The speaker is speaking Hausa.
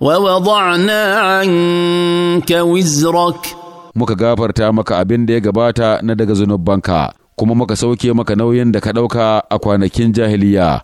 ووضعنا عنك وزرك muka gafarta maka abin da ya gabata na daga zunubanka kuma muka sauke maka nauyin da ka ɗauka a kwanakin jahiliya